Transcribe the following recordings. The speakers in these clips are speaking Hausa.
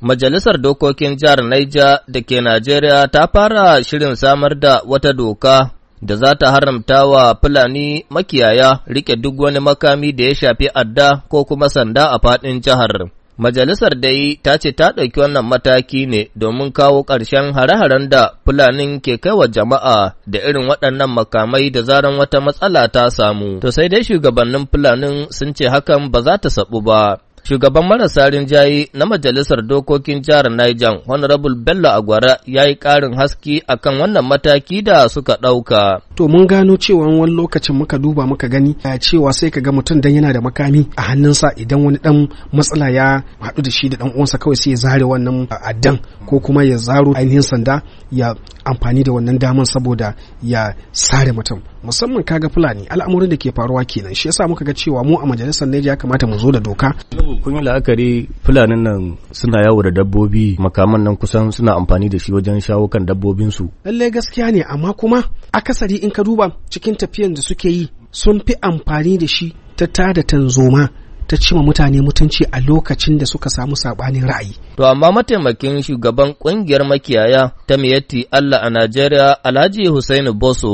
Majalisar Dokokin Jihar Naija da ke Najeriya ta fara shirin samar da wata doka da za ta haramta wa Fulani makiyaya rike duk wani makami da ya shafi adda ko kuma sanda a faɗin jihar. Majalisar dai ta ce ta ɗauki wannan mataki ne domin kawo ƙarshen hare-haren da Fulanin ke kai wa jama'a da irin waɗannan makamai da zaran wata matsala ta samu. To sai dai shugabannin Fulanin sun ce hakan ba za ta saɓu ba. Shugaban marasa rinjaye na Majalisar Dokokin Jihar Niger, Honorable Bello Agwara, ya yi ƙarin haske akan wannan mataki da suka ɗauka. to mun gano cewa wani lokacin muka duba muka gani a eh, cewa sai ka ga mutum dan yana da makami a hannunsa idan wani dan matsala ya haɗu da shi da dan uwansa kawai sai ya zare wannan eh, addan ko kuma ya zaro ainihin sanda ya amfani da wannan daman saboda ya sare mutum musamman kaga fulani al'amuran da ke faruwa kenan shi yasa muka ga cewa mu a majalisar Neja ya kamata mu zo da doka kun yi la'akari fulanin nan suna yawo da dabbobi makaman nan kusan suna amfani da shi wajen shawo kan dabbobinsu. Lalle gaskiya ne amma kuma akasari in ka duba cikin tafiyan da suke yi sun fi amfani da shi ta tada tanzoma ta cima mutane mutunci a lokacin da suka samu sabanin ra'ayi. To amma mataimakin shugaban kungiyar makiyaya ta miyatti Allah a Najeriya Alhaji Hussaini Boso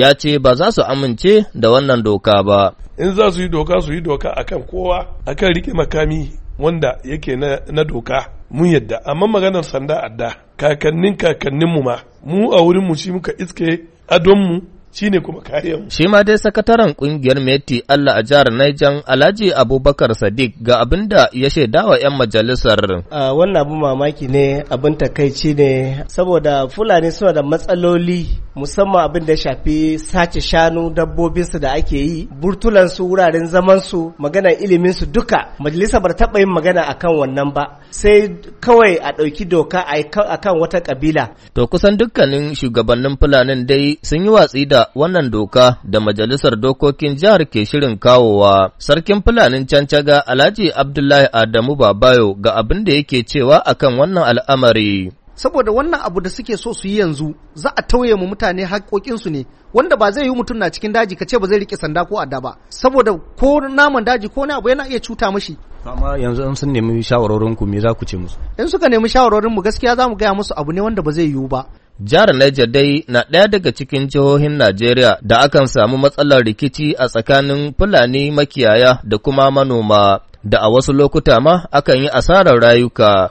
ya ce ba za su amince da wannan doka ba. In za su yi doka su yi doka akan kowa akan rike makami wanda yake na doka mun yadda amma maganar sanda adda kakannin kakanninmu ma mu a wurin mu shi muka iske adonmu shine kuma kayan. Shi ma dai sakataren kungiyar Meti Allah a jihar Niger Alhaji Abubakar Sadiq ga abin da ya shaida wa 'yan majalisar. wannan abin mamaki ne abin takaici ne saboda Fulani suna da matsaloli musamman abin da shafi sace shanu dabbobinsu da ake yi burtulansu wuraren zamansu magana iliminsu duka majalisa bata taɓa yin magana akan wannan ba sai kawai a ɗauki doka a akan wata kabila. to kusan dukkanin shugabannin fulanin dai sun yi watsi da wannan doka da majalisar dokokin jihar ke shirin kawowa sarkin fulanin cancaga alhaji abdullahi adamu babayo ga abin da yake cewa akan wannan al'amari saboda wannan abu da suke so su yi yanzu za a tauye mu mutane haƙoƙinsu ne wanda ba zai yi mutum na cikin daji ka ce ba zai rike sanda ko adda ba saboda ko naman daji ko wani abu yana iya cuta mashi amma yanzu in sun nemi shawarorin ku me za ku ce musu in suka nemi shawarorin mu gaskiya za mu gaya musu abu ne wanda ba zai yiwu ba Jihar Niger dai na ɗaya daga cikin jihohin Najeriya da akan samu matsalar rikici a tsakanin Fulani makiyaya da kuma manoma, da a wasu lokuta ma akan yi asarar rayuka.